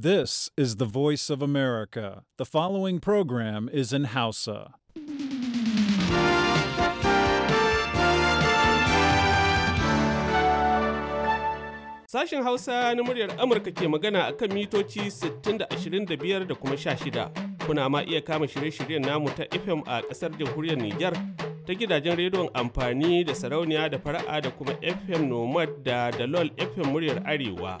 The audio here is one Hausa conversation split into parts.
This is the voice of America. The following program is in Hausa. Sashen Hausa na muryar Amurka ke magana a kan mitoci 60 da 25 da kuma 16. Kuna ma iya kama shirye-shiryen namu ta FM a ƙasar jamhuriyar Nijar ta gidajen rediyon amfani da sarauniya da fara'a da kuma FM Nomad da Dalol FM muryar Arewa.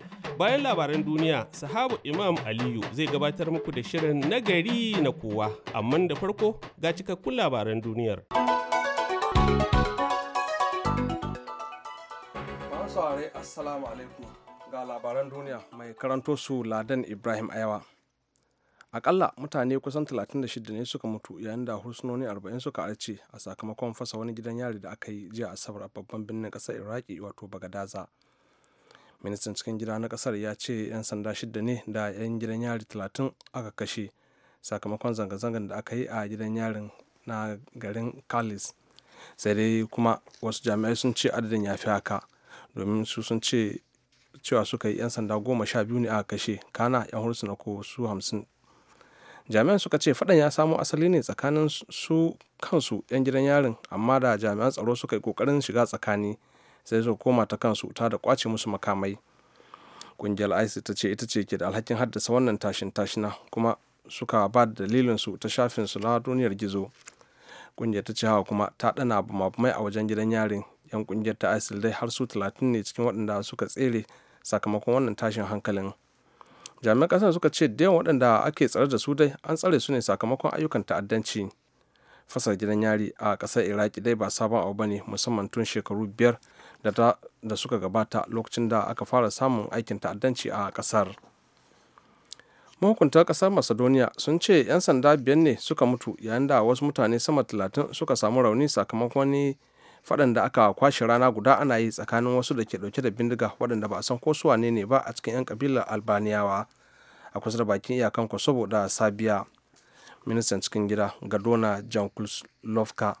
Bayan labaran duniya, sahabu Imam Aliyu zai gabatar muku da shirin nagari na kowa, amma da farko ga cikakkun labaran duniyar. saurare assalamu alaikum ga labaran duniya mai karanto su ladan ibrahim ayawa akalla mutane kusan 36 ne suka mutu yayin da hursunoni 40 suka arce a sakamakon fasa wani gidan yari da aka yi jiya asabar a babban birnin kasar iraki wato bagadaza ministan cikin gida na kasar ya ce 'yan sanda shida ne da 'yan gidan yari talatin aka kashe sakamakon zanga-zangar da aka yi a gidan yarin na garin kalis sai dai kuma wasu jami'ai sun ce adadin ya fi haka domin su sun ce cewa suka yi 'yan sanda goma sha biyu ne aka kashe kana 'yan hursuna ko su hamsin jami'an suka ce fadan ya samo asali ne tsakanin su kansu 'yan gidan yarin amma da jami'an tsaro suka yi kokarin shiga tsakani sai su koma ta kansu ta da kwace musu makamai kungiyar isis ta ce ita ce ke da alhakin haddasa wannan tashin tashina kuma suka ba da dalilin su ta shafin su na duniyar gizo kungiyar ta ce hawa kuma ta dana bumabumai a wajen gidan yarin yan kungiyar ta isil dai har su talatin ne cikin waɗanda suka tsere sakamakon wannan tashin hankalin jami'an ƙasar suka ce da yawan waɗanda ake tsare da su dai an tsare su ne sakamakon ayyukan ta'addanci fasar gidan yari a ƙasar iraki dai ba sabon abu ne musamman tun shekaru biyar da suka gabata lokacin da aka fara samun aikin ta'addanci a kasar mahukuntar kasar macedonia sun ce 'yan sanda biyar ne suka mutu yayin da wasu mutane sama 30 suka samu rauni sakamakon wani faɗan da aka kwashe rana guda ana yi tsakanin wasu da ke ɗauke da bindiga waɗanda ba a san ko suwane ne ba a cikin 'yan kabilar albaniyawa a kusa da bakin iyakan kosovo da sabiya ministan cikin gida gadona jankulovka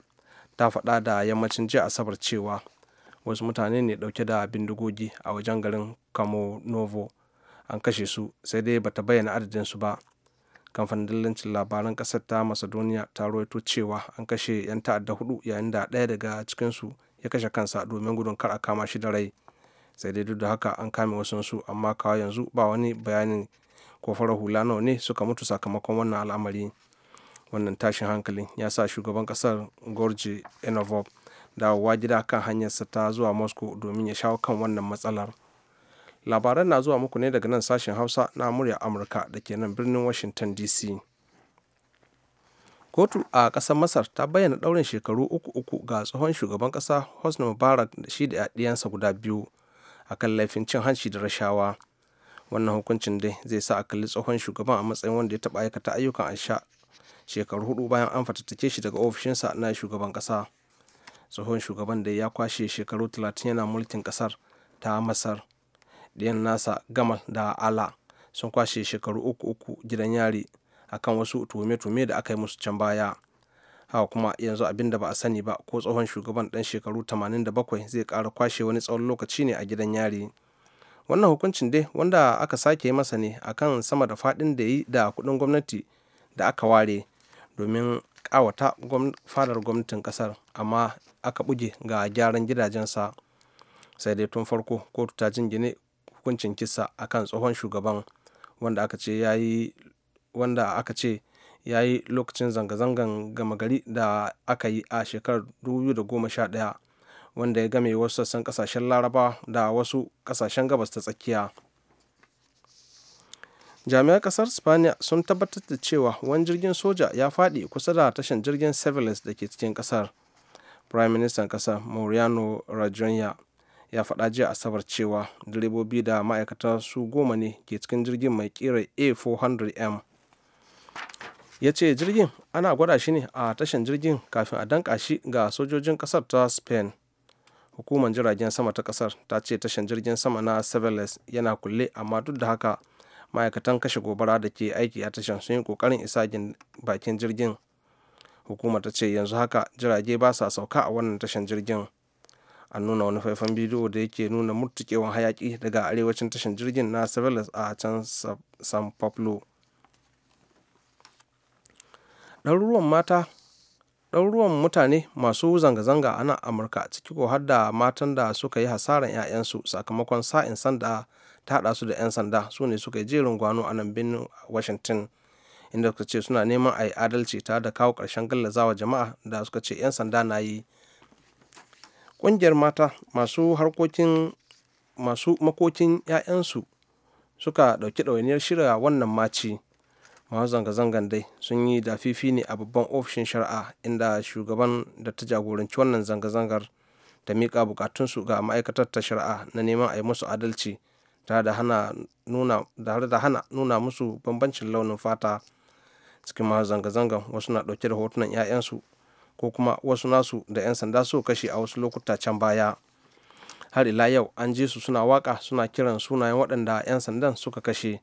ta faɗa da yammacin jiya asabar cewa wasu mutane ne dauke da bindigogi a wajen garin kamonovo an kashe su sai dai bata bayyana adadin su ba kamfanin dillancin labaran kasar ta macedonia ta rawaito cewa an kashe 'yan ta'adda hudu yayin da ɗaya daga cikinsu ya kashe kansa domin gudun kar a kama shi da rai sai dai duk da haka an kame wasu su amma kawai yanzu ba wani bayanin ko farar hula nawa ne suka mutu sakamakon wannan al'amari wannan tashin hankalin ya sa shugaban kasar gorge enovo dawowa gida kan hanyarsa ta zuwa moscow domin ya shawo kan wannan matsalar labaran na zuwa muku ne daga nan sashen hausa na murya amurka da ke nan birnin washington dc kotu a ƙasar masar ta bayyana ɗaurin shekaru uku uku ga tsohon shugaban ƙasa hosni mubarak da shi da ɗiyansa guda biyu a kan laifin cin hanci da rashawa wannan hukuncin dai zai sa a kalli tsohon shugaban a matsayin wanda ya taɓa aikata ayyukan ansha shekaru hudu bayan an fatattake shi daga ofishinsa na shugaban ƙasa tsohon shugaban da ya kwashe shekaru 30 yana mulkin kasar ta masar ɗiyan nasa gamal da ala sun kwashe shekaru uku uku gidan yari akan wasu tuhume-tuhume da aka yi musu can baya haka kuma yanzu abin da ba a sani ba ko tsohon shugaban ɗan shekaru 87 zai kara kwashe wani tsawon lokaci ne a gidan yari wannan hukuncin dai wanda aka sake masa ne akan sama da faɗin da yi da kuɗin gwamnati da aka ware domin kawata fadar gwamnatin kasar amma aka buge ga gyaran gidajensa sai dai tun farko kotu ta jingine hukuncin kisa akan tsohon shugaban wanda aka ce ya yi lokacin zanga-zangan gama gari da aka yi a shekarar 2011 wanda ya game wasu sassan kasashen laraba da wasu kasashen gabas ta tsakiya jami'an kasar spaniya sun tabbatar da cewa wani jirgin soja ya fadi kusa da tashan jirgin sevilis da ke cikin kasar prime minister kasar mauriano rajoya ya faɗa jiya asabar cewa direbobi da ma'aikata su goma ne ke cikin jirgin mai kira a400m ya ce jirgin ana gwada shi ne a tashan jirgin kafin a danka shi ga sojojin kasar ta spain hukumar jiragen sama ta kasar ta ce tashan jirgin sama na sevilis yana kulle amma duk da haka ma'aikatan kashe gobara da ke aiki a tashan sun yi kokarin isa bakin jirgin hukumar ta ce yanzu haka jirage ba sa sauka a wannan tashar jirgin an nuna wani faifan bidiyo da yake nuna murtukewan hayaki daga arewacin tashar jirgin na severus a can san pablo ɗaruruwan mata ɗaruruwan mutane masu zanga-zanga a nan amurka ciki ko har da matan da suka yi hasaran 'ya'yansu sakamakon sa'in sanda ta haɗa su da 'yan sanda su ne suka yi jerin gwano a nan birnin washington inda suka ce suna neman a yi adalci ta da kawo ƙarshen gallazawa jama'a da suka ce 'yan sanda na yi ƙungiyar mata masu harkokin masu makokin 'ya'yansu suka ɗauki ɗawainiyar shirya wannan maci masu zanga-zangan dai sun yi da fifi ne a babban ofishin shari'a inda shugaban da ta jagoranci wannan zanga-zangar ta miƙa bukatunsu ga ma'aikatar ta shari'a na neman a yi musu adalci tare da hana nuna musu bambancin launin fata cikin masu zanga-zangan wasu na ɗauke da hotunan 'ya'yansu ko kuma wasu nasu da 'yan sanda su kashe a wasu lokuta can baya har ila yau an ji su suna waka suna kiran sunayen waɗanda 'yan sandan suka kashe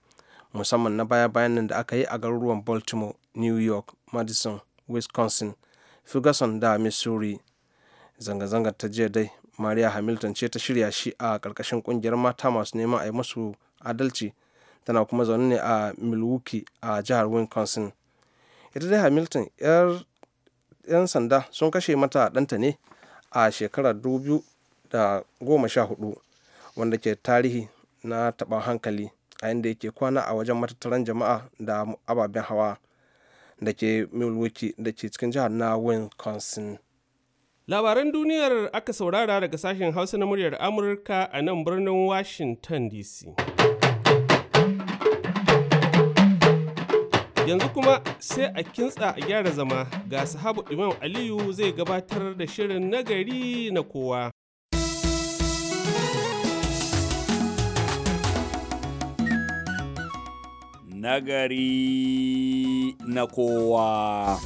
musamman na baya-bayan nan da aka yi a garuruwan baltimore new york madison wisconsin ferguson da missouri zanga-zangar ta jiya dai maria hamilton ce ta shirya shi a ƙarƙashin ƙungiyar mata masu neman a yi masu adalci tana kuma zaune ne a milwaukee a jihar wisconsin ita dai hamilton 'yan sanda sun kashe mata ɗanta ne a shekarar 2014 wanda ke tarihi na taɓa hankali a inda yake kwana a wajen matattaran jama'a da ababen hawa da ke milwaukee da ke cikin jihar na wisconsin labaran duniyar aka saurara daga sashen hausa na muryar amurka a nan birnin washington dc yanzu kuma sai a kintsa a gyara zama ga sahabu imam aliyu zai gabatar da shirin nagari na kowa nagari na kowa.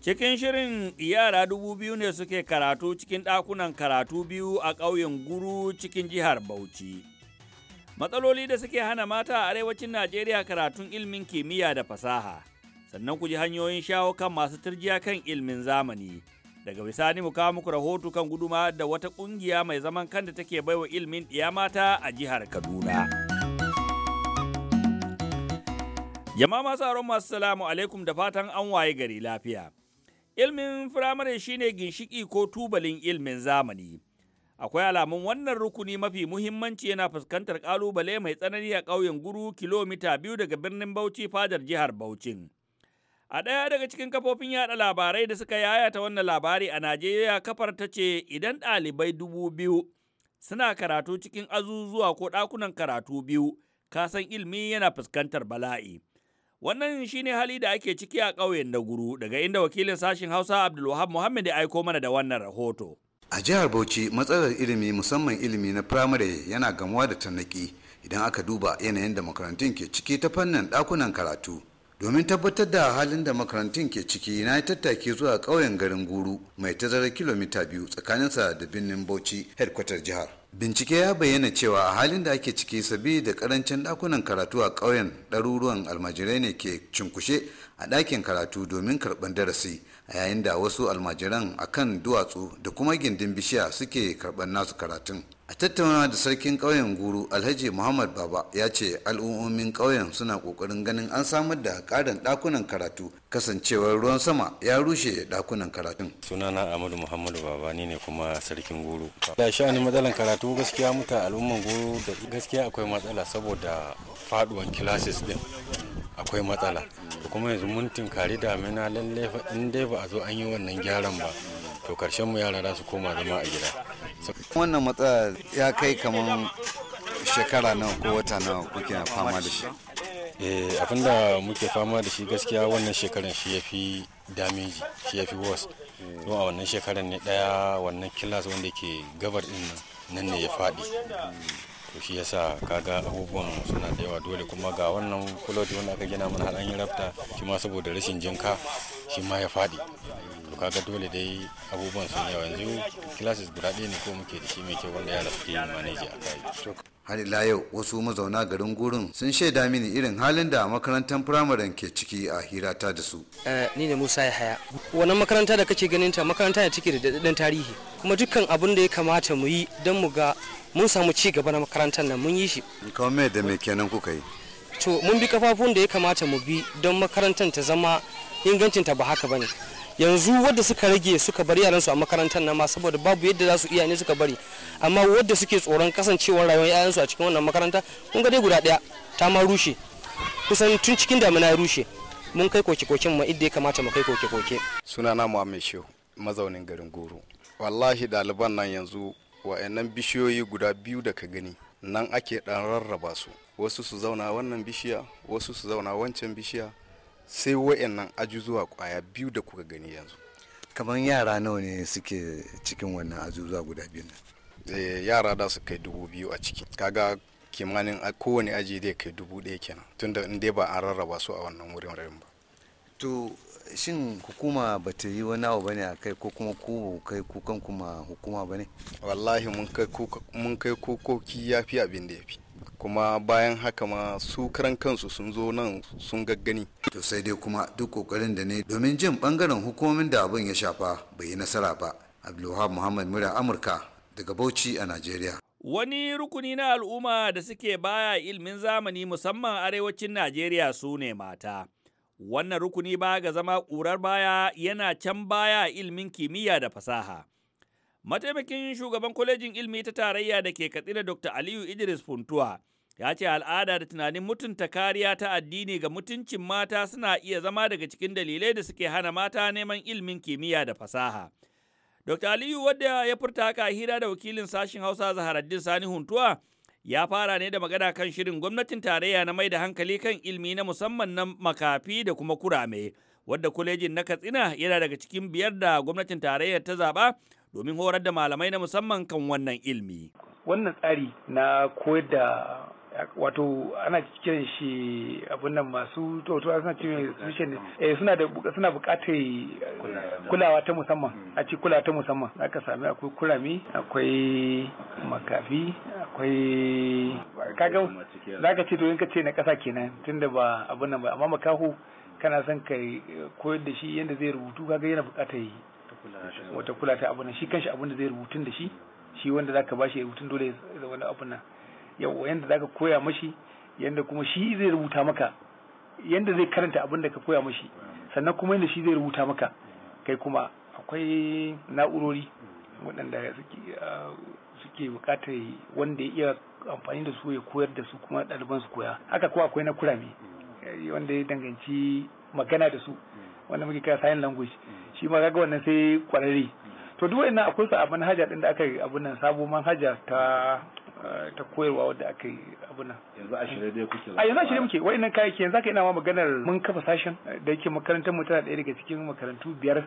Cikin shirin yara dubu biyu ne suke karatu cikin ɗakunan karatu biyu a ƙauyen Guru cikin jihar Bauchi. Matsaloli da suke hana mata a arewacin Najeriya karatun ilmin kimiyya da fasaha, sannan ku ji hanyoyin shawo kan masu turjiya kan ilmin zamani. Daga bisani mu kawo muku rahoto kan guduma da wata ƙungiya mai zaman kanta take baiwa ilmin ɗiya mata a jihar Kaduna. Yamma masu aron masu salamu alaikum da fatan an waye gari lafiya. Ilmin firamare shine ginshiki ko tubalin ilmin zamani. Akwai alamun wannan rukuni mafi muhimmanci yana fuskantar kalubale mai tsanani a ƙauyen guru kilomita biyu daga birnin Bauchi fadar jihar Bauchin. A ɗaya daga cikin kafofin yaɗa labarai da suka yayata wannan labari a Najeriya kafar ta ce idan ɗalibai dubu biyu suna karatu cikin azuzuwa ko ɗakunan karatu biyu, kasan ilmi yana fuskantar bala'i. Wannan shi ne hali da ake ciki a ƙauyen da guru daga inda wakilin sashen Hausa Abdulwahab Muhammad ya aiko mana da wannan rahoto. A jihar Bauchi matsalar ilimi musamman ilimi na firamare yana gamuwa da tannaki idan aka duba yanayin da makarantun ke ciki ta fannin ɗakunan karatu. domin tabbatar da halin da makarantun ke ciki na yi tattaki zuwa ƙauyen garin guru mai tazarar kilomita biyu tsakaninsa da birnin bauchi headkwatar jihar bincike ya bayyana cewa a halin da ake ciki sabi da karancin dakunan karatu a ƙauyen ɗaruruwan almajirai ne ke cinkushe a ɗakin karatu domin karɓar darasi a yayin da wasu almajiran akan duwatsu da kuma gindin bishiya suke karɓar nasu karatun a tattaunawa da sarkin ƙauyen guru alhaji muhammad baba ya ce al'ummomin ƙauyen suna ƙoƙarin ganin an samar da ƙarin ɗakunan karatu kasancewar ruwan sama ya rushe ɗakunan karatun sunana ahmadu muhammadu baba ni ne kuma sarkin guru da sha'anin matsalan karatu gaskiya muta al'umman guru da gaskiya akwai matsala saboda faduwan kilasis din akwai matsala kuma yanzu mun tinkari damina lallai in dai ba a zo an yi wannan gyaran ba to karshen mu yara za su koma zama a gida wannan matsala ya kai kamar shekara nawa ko wata nawa kuke na fama da shi eh abinda muke fama da shi gaskiya wannan shekaran shi ya fi damiji shi ya fi wasu don a wannan shekaran ne daya wannan kilas wanda ke gabar din nan ne ya faɗi to shi yasa kaga abubuwan suna da yawa dole kuma ga wannan kuloti wanda aka gina mana har an yi rafta shi ma saboda rashin jinka shi ma ya faɗi to kaga dole dai abubuwan sun yawa yanzu classes guda ɗaya ne ko muke da shi mai kyau wanda ya rasu yin a kai har ila yau wasu mazauna garin gurin sun shaida mini irin halin da makarantar firamaren ke ciki a hirata da su eh, ni ne musa ya haya wannan makaranta da kake ganin ta makaranta ne take da daɗaɗɗen tarihi kuma dukkan abin da ya kamata mu yi don mu ga mun samu ci gaba na makarantar nan mun yi shi kawai mai da mai kenan kuka yi to mun bi kafafun da ya kamata mu bi don makarantar ta zama ingancinta ba haka bane yanzu wadda suka rage suka bari yaran su a makarantar nan ma saboda babu yadda za su iya ne suka bari amma wadda suke tsoron kasancewar rayuwar 'ya'yansu su a cikin wannan makaranta kun ga dai guda daya ta ma rushe kusan tun cikin damina ya rushe mun kai koke-koken ma idda ya kamata mu kai koke-koke sunana muhammed Shehu mazaunin garin Goro wallahi daliban nan yanzu wa'annan bishiyoyi guda biyu da ka gani nan ake dan rarraba su wasu su zauna wannan bishiya wasu su zauna wancan bishiya sai wa'annan ajuzuwa kwaya biyu da kuka gani yanzu kamar yara nawa ne suke cikin wannan ajuzuwa guda biyu nan eh, yara da su kai dubu biyu a ciki kaga kimanin kowane aji zai kai dubu ɗaya kenan tunda in dai ba an rarraba su a wannan wurin ba to shin hukuma ba ta yi wani abu bane a kai ko kuma ku kai kukan kuma hukuma bane wallahi mun kai kokoki ya fi abin da ya fi kuma bayan haka ma su karan kansu sun zo nan sun gaggani to sai dai kuma duk kokarin da ne domin jin bangaren hukumomin da abin ya shafa bai yi nasara ba abdulwahab muhammad mura amurka daga bauchi a najeriya Wani rukuni na al'umma da suke baya ilimin zamani musamman arewacin Najeriya su ne mata. Wannan rukuni ba ga zama ƙurar baya yana can baya ilmin kimiyya da fasaha. Mataimakin shugaban kwalejin Ilmi ta tarayya da ke katsina Dr. Aliyu Idris Funtuwa ya ce al'ada da tunanin mutunta kariya ta addini ga mutuncin mata suna iya zama daga cikin dalilai da suke hana mata neman ilmin kimiyya da fasaha. Dr. Aliyu wadda ya furta haka hira da wakilin sashen Hausa Zaharaddin Sani Huntuwa ya fara ne da magana kan shirin gwamnatin tarayya na mai da hankali kan ilmi na musamman na makafi da kuma kurame wadda kwalejin na Katsina yana daga cikin biyar da gwamnatin tarayyar ta zaba domin horar da malamai na musamman kan wannan ilmi. Wannan tsari na koyar da wato ana kiran shi abun nan masu tautuwa suna ce eh suna da suna bukatar kulawa ta musamman a ci kulawa ta musamman aka sami akwai kurami akwai makafi akwai kaga zaka ce to in ka ce na kasa kenan tunda ba abun nan ba amma makaho kana son ka koyar da shi yadda zai rubutu kaga yana bukatar wata kula ta abu nan shi kanshi abun da zai rubutun da shi shi wanda zaka shi rubutun dole ya wani abun nan yau yanda zaka koya mashi yanda kuma shi zai rubuta maka yanda zai karanta abin da ka koya mashi sannan kuma yanda shi zai rubuta maka kai kuma akwai na'urori waɗanda suke ah, buƙatar wanda ya iya amfani da su ya koyar da su kuma ɗaliban su koya haka kuma akwai na kurami eh, wanda ya danganci magana da su wanda muke kira sign language shi ma kaga wannan sai kwararre to duk wannan akwai su a manhaja din da aka yi abun nan sabo manhaja ta eh, ta koyarwa wadda aka yi abun nan yanzu a shirye da kuke a yanzu a shirye muke wayannan kayayyaki yanzu aka ina ma maganar mun kafa sashen da yake makarantar mu tana daya daga cikin makarantu biyar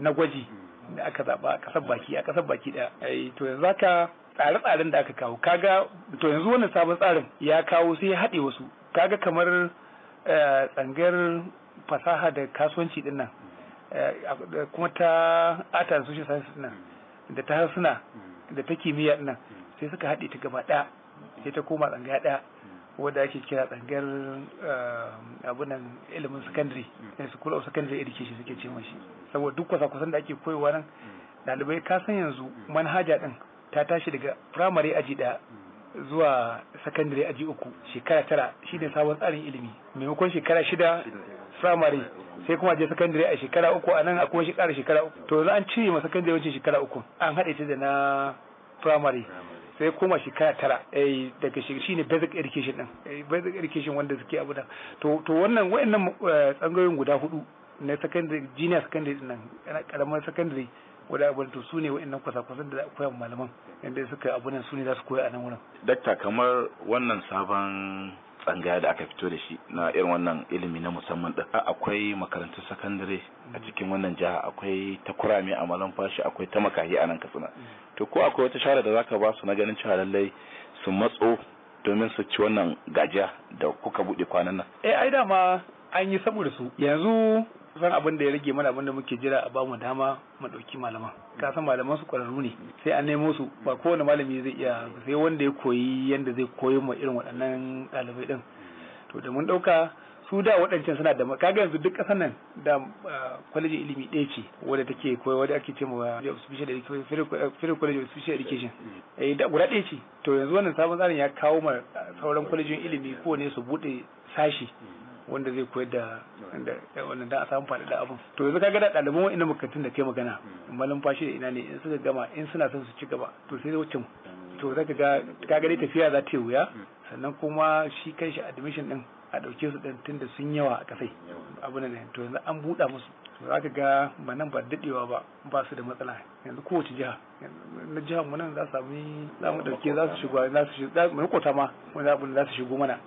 na gwaji da aka zaba a kasar baki a kasar baki daya to yanzu ka tsare-tsaren da aka kawo kaga to yanzu wannan sabon tsarin ya kawo sai ya haɗe wasu kaga kamar eh, tsangayar fasaha da kasuwanci din nan Eh, kuma ta ata social sciences nan da ta harsuna da ta kimiyya nan sai suka haɗe ta gaba ɗaya sai ta koma tsangaya ɗaya wadda ake kira tsangar eh, abunan ilimin secondary na eh, school of secondary education suke ce mashi saboda duk kwasa kusan da ake koyewa nan ɗalibai ka san yanzu manhaja ɗin ta tashi daga firamare aji ɗaya zuwa sakandare aji uku shekara tara shi ne sabon tsarin ilimi maimakon shekara shida firamare sai kuma je sakandare a shekara uku a nan akwai shekara shekara uku to za an cire ma sakandare wancan shekara uku an haɗe ta da na firamare sai koma shekara tara eh, daga shi ne basic education din eh, basic education wanda suke abu da to wannan wayannan eh, tsangayoyin guda hudu na secondary junior secondary din nan karamar secondary wadda abin to su ne wa'annan kwasa-kwasan da koya malaman inda suka abu nan su ne za su koya a nan wurin. dakta kamar wannan sabon tsangaya da aka fito da shi na irin wannan ilimi na musamman da akwai makarantar sakandare a cikin wannan jiha akwai ta kurame a malam fashi akwai ta makahi a nan katsina to ko akwai wata shara da zaka ba su na ganin cewa lallai su matso domin su ci wannan gajiya da kuka buɗe kwanan nan eh ai dama an yi saboda su yanzu kusan abin da ya rage mana abin da muke jira a bamu dama mu dauki malaman ka san malaman su kwararru ne sai an nemo su ba kowane malami zai iya sai wanda ya koyi yanda zai koyo ma irin waɗannan ɗalibai din to da mun dauka su da waɗancan suna da kaga yanzu duk ƙasar nan da ah, kwalejin ilimi ɗaya ce wadda take koyo wadda ake ce ma ah, ah, federal college of special education eh da guda ɗaya ce to yanzu wannan sabon tsarin ya kawo ma sauran kwalejin ilimi kowane su buɗe sashi wanda zai koyar da wanda da a samu faɗaɗa abin to yanzu kaga da ɗaliban nan makarantun da kai magana malam fashi da ina ne in suka gama in suna son su ci gaba to sai mu to zaka ga kaga dai tafiya za ta yi wuya sannan kuma shi shi admission din a ɗauke su ɗin tunda sun yawa a kasai abu ne to yanzu an buɗa musu to za ka ga ba nan ba daɗewa ba ba su da matsala yanzu kowace jiha na jihar mu nan za su sami za mu ɗauke za su shigo za su shigo ma wani abu za su shigo mana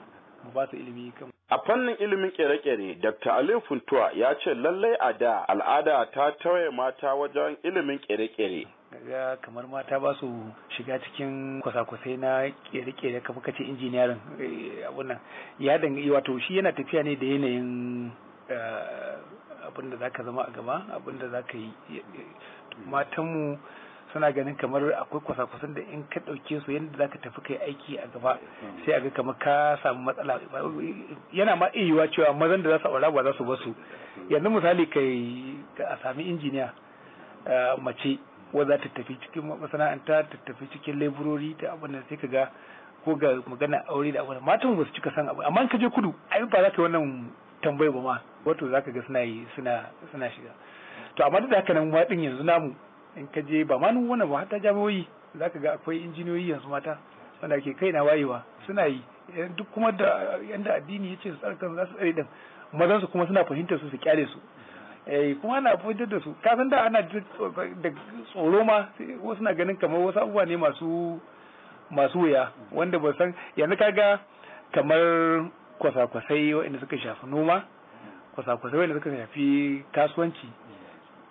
mu ilimi kan A fannin ilimin kere-kere, Dr. Ali Funtuwa ya ce lallai a da al'ada ta tawaye mata wajen ilimin kere-kere. Ga kamar mata ba su shiga cikin kwasa-kwasai na kere-kere kamar kace injiniyarin eh, abunan nan. Ya dangi wato shi yana tafiya ne da yanayin eh, abin da zaka zama a gaba, abin da ka yi. Matanmu suna ganin kamar akwai kwasa-kwasan da in ka ɗauke su yadda za ka tafi kai aiki a gaba sai a ga kamar ka samu matsala yana ma iya cewa mazan da za su aura ba za su basu yanzu misali kai a sami injiniya mace wadda ta tafi cikin masana'anta ta tafi cikin laborori ta abin da sai ka ga ko ga magana aure da abin matan ba su cika san abu amma ka je kudu ai ba za ka wannan tambayi ba ma wato za ka ga suna yi suna suna shiga to amma duk da haka nan ma din yanzu namu in ka je ba ma wani ba hata jami'oyi za ka ga akwai injiniyoyi yanzu mata wanda ke kai na wayewa suna yi duk kuma da yanda addini ya ce su tsarkan za su tsare din mazansu kuma suna fahimtar su su kyale su eh kuma ana fahimtar da su ka san da ana da tsoro ma wasu na ganin kamar wasu abubuwa ne masu masu wuya wanda ba san yanzu kaga kamar kwasa-kwasai waɗanda suka shafi noma kwasa-kwasai waɗanda suka shafi kasuwanci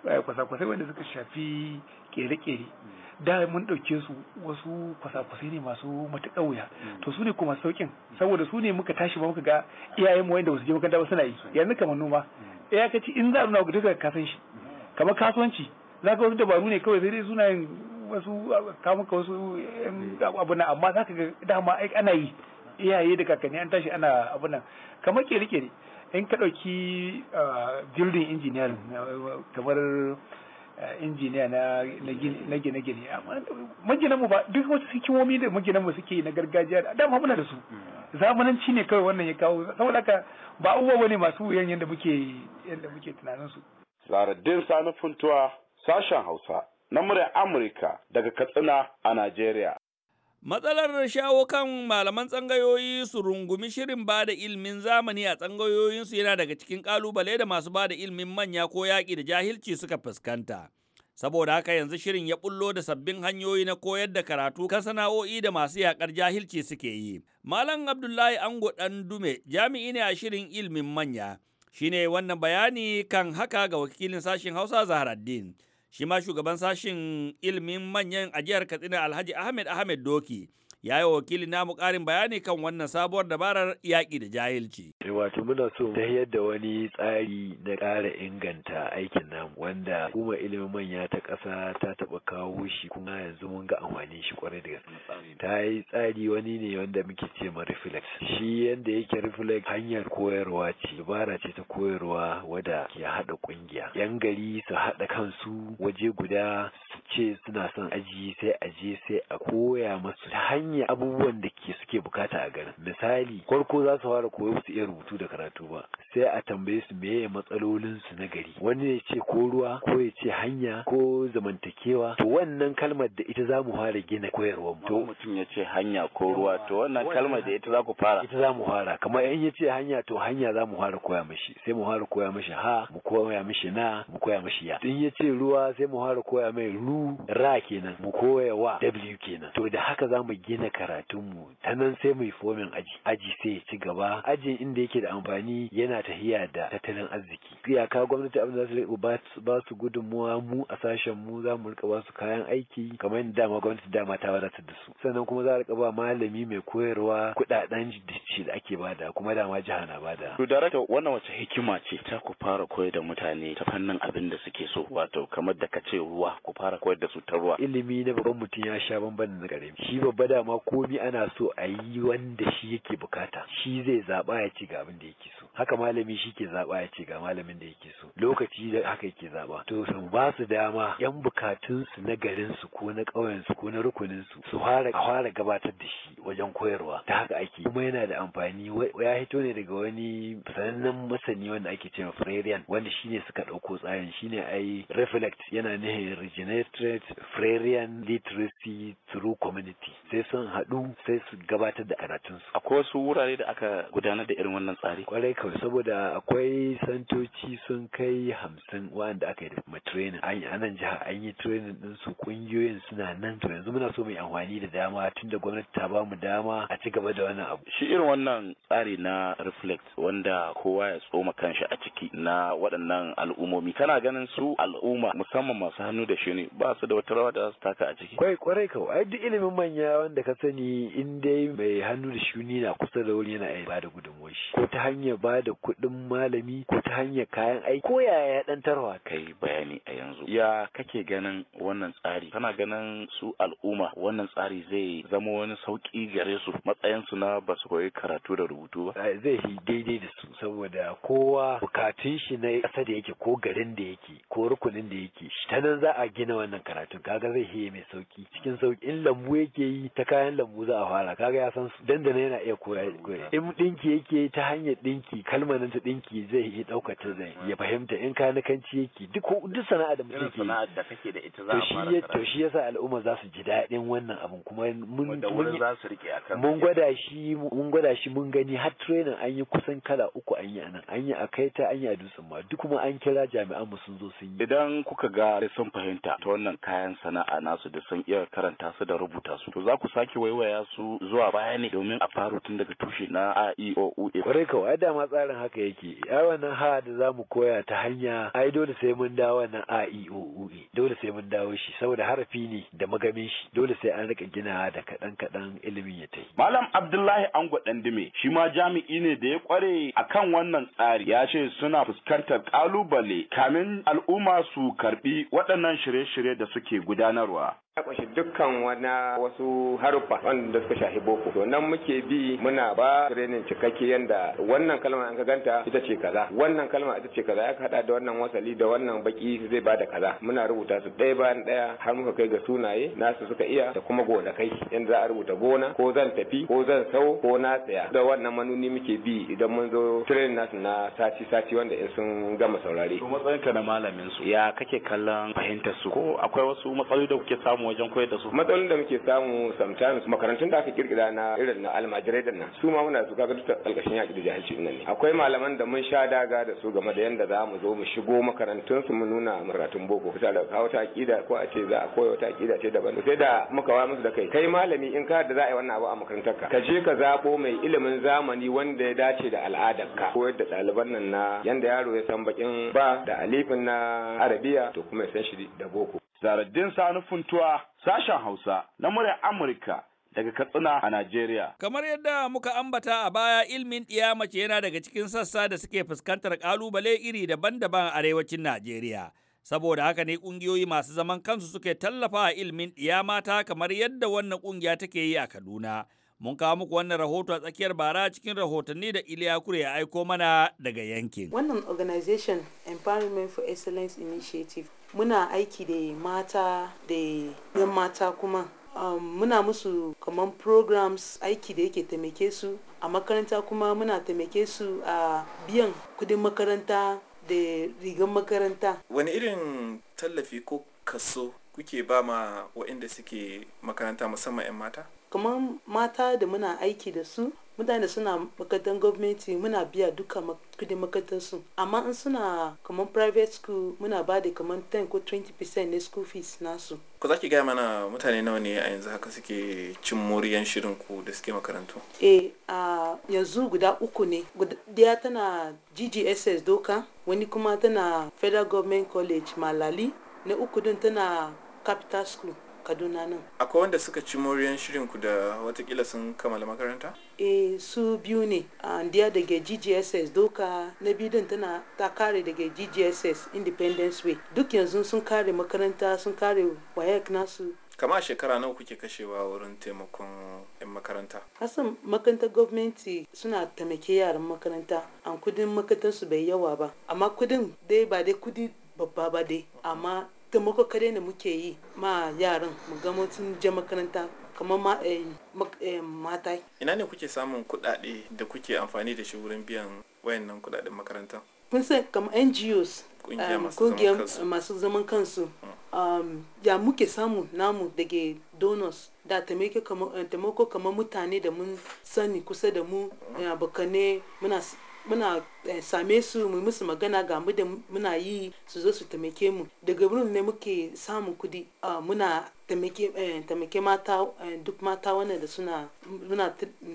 Eh, kwasa-kwasai wanda suka shafi kere-kere mm. da mun ɗauke su wasu kwasa-kwasai ne masu matuƙa wuya mm. to su ne kuma sauƙin mm. saboda su ne muka tashi ba muka ga iyayen mu wanda wasu je makaranta ba suna yi yanzu kamar noma ya kaci in za a nuna duka kasan shi kamar kasuwanci za ka wasu dabaru ne kawai sai dai suna yin wasu kamuka wasu abu na amma za ka ga dama ana yi iyaye da kakanni an tashi ana abu nan kamar kere-kere in ka ɗauki building engineer kamar injiniya na gine-gine magina mu ba duk wasu hikimomi da magina mu suke na gargajiya da dama muna da su zamananci ne kawai wannan ya kawo saboda haka ba abubuwa ne masu wuyan yadda muke yadda muke tunanin su Laradin Sani Funtuwa sashen Hausa na murya Amurka daga Katsina a Najeriya Matsalar shawo kan malaman tsangayoyi su rungumi shirin ba da ilimin zamani a tsangayoyinsu yana daga cikin kalubale da masu ba da ilimin manya ko yaƙi da jahilci suka fuskanta. Saboda haka yanzu shirin ya bullo da sabbin hanyoyi na koyar da karatu kan sana'o'i da masu yaƙar jahilci suke yi. Malam Abdullahi Ango ɗan Dume jami'i ne a shirin ilmin manya. Shine wannan bayani kan haka ga wakilin sashen Hausa Zaharaddin. shi ma shugaban sashin ilimin manyan a jihar katsina alhaji ahmed ahmed doki ya yi wakili namu ƙarin bayani kan wannan sabuwar dabarar yaƙi da jahilci. Eh, wato muna so ta yadda wani tsari na ƙara inganta aikin namu wanda kuma ilimin manya ta ƙasa ta taɓa kawo shi kuma yanzu mun ga amfanin shi kwarai da gaske. Ta yi tsari wani ne wanda muke ce ma reflex. Shi yanda yake reflex hanyar koyarwa ce dabara ce ta koyarwa wadda ke haɗa ƙungiya. Yan gari su haɗa kansu waje guda su ce suna son aji sai aje sai a koya masu ta hanyar sanya abubuwan da ke suke bukata a garin misali farko za su fara koyo su iya rubutu da karatu ba sai a tambaye su meye matsalolin su na gari wani ya ce ko ruwa ko ya ce hanya ko zamantakewa to wannan kalmar da ita za mu fara gina koyarwa mu to mutum ya ce hanya ko ruwa to wannan kalmar da ita za ku fara ita za mu fara kamar in ya ce hanya to hanya za mu fara koya mishi sai mu fara koya mishi ha mu koya mishi na mu koya mishi ya in ya ce ruwa sai mu fara koya mai ru ra kenan mu koya wa w kenan to da haka za mu gina daina mu ta nan sai mu fomin aji aji sai ya ci gaba ajin inda yake da amfani yana tahiya da tattalin arziki iyaka gwamnati abin da za su ba su gudunmuwa mu a sashen mu za mu rika ba su kayan aiki kamar yadda dama gwamnati dama ta wadatar da su sannan kuma za a rika ba malami mai koyarwa kuɗaɗen shi da ake bada kuma dama jiha na bada. To darakta wannan wace hikima ce ta ku fara koyar da mutane ta fannin abin da suke so wato kamar da ka ce ruwa ku fara koyar da su ta ruwa. Ilimi na babban mutum ya sha bamban na ƙarami. Shi babba da amma komi ana so a yi wanda shi yake bukata shi zai zaba ya ci ga abin da yake so haka malami shi ke zaɓa ya ce ga malamin da yake so lokaci da haka yake zaɓa to su ba su dama yan bukatunsu na garinsu ko na ƙauyensu ko na rukuninsu su fara fara gabatar da shi wajen koyarwa ta haka ake kuma yana da amfani ya hito ne daga wani sanannen masani wanda ake ma Freirean wanda shine suka ɗauko tsarin shine ai reflect yana nihin regenerated Freirean literacy through community sai sun haɗu sai su gabatar da karatunsu akwai wasu wurare da aka gudanar da irin wannan tsari kwarai saboda akwai santoci sun kai hamsin wanda aka yi da kuma training an yi anan jiha an yi training din su kungiyoyin suna nan to yanzu muna so mu amfani da dama tunda gwamnati ta bamu dama a ci gaba da wannan abu shi irin wannan tsari na reflect wanda kowa ya tsoma kanshi a ciki na waɗannan al'ummomi kana ganin su al'umma musamman masu hannu da shi ba su da wata rawa da za su taka a ciki kwai kwarai kawai ai duk ilimin manya wanda ka sani in dai mai hannu da shuni na kusa da wuri yana iya ba da gudunmuwar shi ko ta hanyar ba da kuɗin malami ko ta hanyar kayan aiki ko yaya ya dan tarwa. Kai bayani a yanzu. Ya kake ganin wannan tsari? Kana ganin su al'umma wannan tsari zai zama wani sauki gare su matsayinsu na ba koyi karatu da rubutu ba? Zai yi daidai da su saboda kowa bukatun shi na ƙasa da yake ko garin da yake ko rukunin da yake ta nan za a gina wannan karatun kaga zai yi mai sauki cikin sauki in lambu yake yi ta kayan lambu za a fara kaga ya san su. dandana yana iya koya in ɗinki yake ta hanyar ɗinki kalmar nan ta dinki zai iya ɗaukar ta zai ya fahimta in ka kanikanci yake duk duk sana'a da mutum ke sana'a da kake da ita za a fara to shi yasa al'umma za su ji daɗin wannan abin? kuma mun mun gwada shi mun gwada shi mun gani har training an yi kusan kala uku an yi anan an yi a kaita an yi a dutsen ma duk kuma an kira jami'an mu sun zo sun yi idan kuka ga sun fahimta ta wannan kayan sana'a nasu da sun iya karanta su da rubuta su to za ku sake waiwaya su zuwa bayani. domin a faro tun daga tushe na a e e. kwarai kawai dama tsarin haka yake ai wannan ha da zamu koya ta hanya ai dole sai mun dawo wannan a i e, o u e dole sai mun dawo shi saboda harafi ne da magamin shi dole sai an rika gina da kadan kadan ilimin ya tai malam abdullahi ango dandime shi ma jami'i ne da ya kware akan wannan tsari ya ce suna fuskantar kalubale kamin al'umma su karbi waɗannan shirye-shirye da suke gudanarwa ya kunshi dukkan wani wasu haruffa wanda suka shafi boko to nan muke bi muna ba training cikakke yanda wannan kalma an ka ganta ita ce kaza wannan kalma ita ce kaza ya hada da wannan wasali da wannan baki zai bada kaza muna rubuta su ɗaya bayan ɗaya har muka kai ga sunaye nasu suka iya da kuma kai. yanda za a rubuta gona ko zan tafi ko zan sau ko na tsaya da wannan manuni muke bi idan mun zo training nasu na sati sati wanda in sun gama saurare to ka na malamin su ya kake kallon fahimtar su ko akwai wasu matsaloli da kuke samu samu wajen koyar da su matsalolin da muke samu sometimes makarantun da aka kirkira na irin na almajirai da nan su ma muna su kaga duk alƙashin yaƙi da jahilci nan ne akwai malaman da mun sha daga da su game da yanda za mu zo mu shigo makarantun su mu nuna muratun boko kusa da kawo ta aƙida ko a ce za a koya wata aƙida ce daban sai da muka wa musu da kai kai malami in ka da za a yi wannan abu a makarantar ka ka je ka zabo mai ilimin zamani wanda ya dace da al'adar ka koyar da ɗaliban nan na yanda yaro ya san bakin ba da alifin na arabiya to kuma ya san shi da boko Zaraddin Sani Funtuwa, sashen Hausa na murya Amurka daga Katsina a Najeriya. Kamar yadda muka ambata a baya ilmin ɗiya mace yana daga cikin sassa da suke fuskantar ƙalubale iri daban-daban a arewacin Najeriya. Saboda haka ne ƙungiyoyi masu zaman kansu suke tallafa a ilmin ɗiya mata kamar yadda wannan ƙungiya take yi a Kaduna. Mun kawo muku wannan rahoto a tsakiyar bara cikin rahotanni da Iliya Kure ya aiko mana daga yankin. Wannan organization Empowerment for Excellence Initiative muna aiki da mata da yan mata kuma muna musu kaman programs aiki da yake taimake su a makaranta kuma muna taimake su a biyan kudin makaranta da rigan makaranta wani irin tallafi ko kaso kuke ba ma waɗanda suke makaranta musamman 'yan mata kamar mata da muna aiki da su mutane suna makarantar gwamnati muna biya duka kudin makarantar su amma in suna kamar private school muna ba da kamar 10 ko 20% na school fees nasu ku za ki gaya mana mutane nawa ne a yanzu haka suke cin moriyan shirin ku da suke makarantu eh a yanzu guda uku ne daya tana ggss doka wani kuma tana federal government college malali na uku din tana capital school kaduna nan akwai wanda suka ci moriyan shirin ku da watakila sun kammala makaranta eh su biyu ne andiya daga ggss doka na biyu tana ta kare daga ggss independence way duk yanzu sun kare makaranta sun kare wayak nasu kama a shekara nawa kuke kashewa wurin taimakon 'yan makaranta hassan makaranta gwamnati suna taimake yaran makaranta an kudin makarantar bai yawa ba amma kudin dai ba dai kudi babba ba dai amma taimako kare ne muke yi ma yaran mu gama sun je makaranta kamar eh, eh, mata ina ne kuke samun kuɗaɗe da kuke amfani da shi wurin biyan wayannan kuɗaɗen makaranta kun san kamar ngos kungiyar um, masu zaman kansu hmm. um, ya muke samu namu daga donors da eh, taimako kamar mutane da mun sani kusa da mu hmm. bakane muna muna eh, same su mu musu magana ga mu da muna yi su zo su taimake mu daga wurin ne muke samun kudi ah, muna taimake eh, mata eh, duk mata wanda da suna muna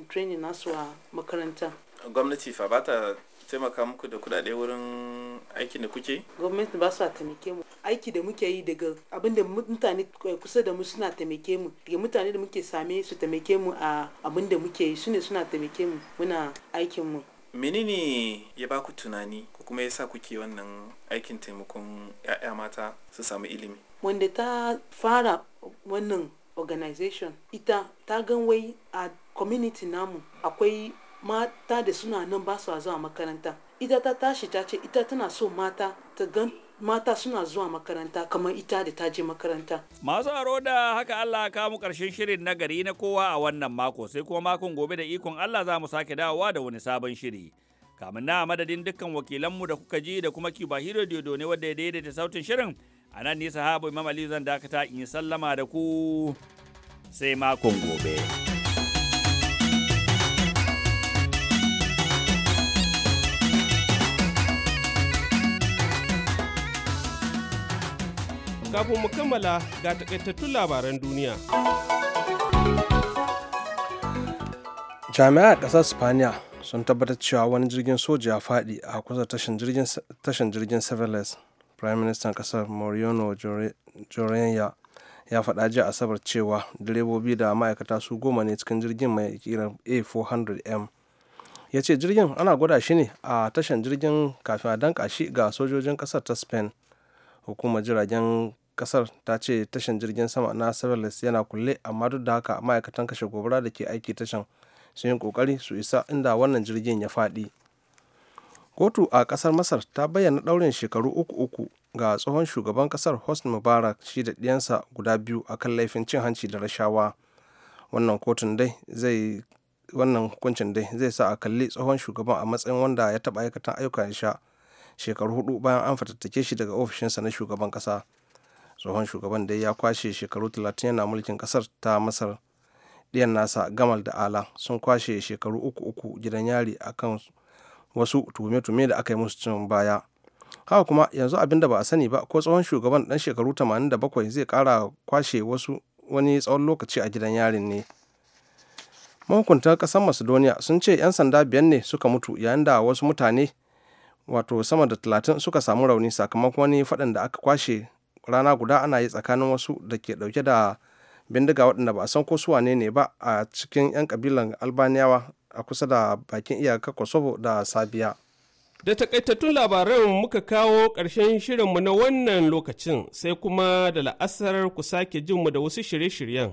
training nasu a makaranta gwamnati fa ba ta taimaka muku da kudade wurin aikin da kuke? gwamnati ba su a taimake mu aiki da muke yi daga abinda mutane kusa da mu suna taimake mu daga mutane da muke same su taimake mu a abinda muke yi su ne suna taimake mu muna aikin mu menene ya baku tunani ko kuma ya sa kuke wannan aikin taimakon 'ya'ya mata su samu ilimi wanda ta fara wannan organization ita ta gan wai a community namu akwai mata da suna nan ba su zuwa makaranta ita ta tashi ta ce ita tana so mata ta gan mata suna zuwa makaranta kamar ita da ta je makaranta. Masu aro da haka Allah ka mu karshen shirin na gari na kowa a wannan mako sai kuma makon gobe da ikon Allah za mu sake dawowa da wani sabon shiri. Kamin na madadin dukkan wakilanmu da kuka ji da kuma Kiba Hiro Diodo ne wadda ya daidaita sautin shirin a nan nisa habu Imam Ali zan dakata in sallama da ku sai makon gobe. Kafin mu kammala ga takaitattun labaran duniya. Jami'a a ƙasar Spaniya sun tabbatar cewa wani jirgin soja ya faɗi a kusa tashin jirgin Severus. Prime Minister ƙasar moriano Jorenya ya faɗa jiya Asabar cewa direbobi da ma'aikata su goma ne cikin jirgin mai kiran A400M. ya ce jirgin ana gwada shi ne a tashan jirgin kafin a danka shi ga sojojin ƙasar ta spain hukumar jiragen kasar ta ce tashan jirgin sama na Severus yana kulle amma duk da haka ma'aikatan kashe gobara da ke aiki tashan sun yi kokari su isa inda wannan jirgin ya faɗi. kotu a kasar masar ta bayyana ɗaurin shekaru uku uku ga tsohon shugaban kasar hosni mubarak shi da ɗiyansa guda biyu a kan laifin cin hanci da rashawa wannan kotun dai zai wannan hukuncin dai zai sa a kalli tsohon shugaban a matsayin wanda ya taɓa aikatan ayyukan sha shekaru hudu bayan an fatattake shi daga ofishinsa na shugaban ƙasa. tsohon shugaban dai ya kwashe shekaru 30 yana mulkin kasar ta masar ɗiyan nasa gamal da ala sun kwashe shekaru uku uku gidan yari akan wasu tume-tume da aka yi musu cin baya haka kuma yanzu abin da ba a sani ba ko tsohon shugaban dan shekaru 87 zai kara kwashe wasu wani tsawon lokaci a gidan yarin ne mahukuntan kasar macedonia sun ce 'yan sanda biyan ne suka mutu yayin da wasu mutane wato sama da 30 suka samu rauni sakamakon wani faɗin da aka kwashe rana guda ana yi tsakanin wasu da ke dauke da bindiga waɗanda ba a san ko su wane ne ba a cikin 'yan kabilan albaniyawa a kusa da bakin iyakar kosovo da sabiya da takaitattun labaran muka kawo ƙarshen shirinmu na wannan lokacin sai kuma da la'asar ku sake jinmu da wasu shirye-shiryen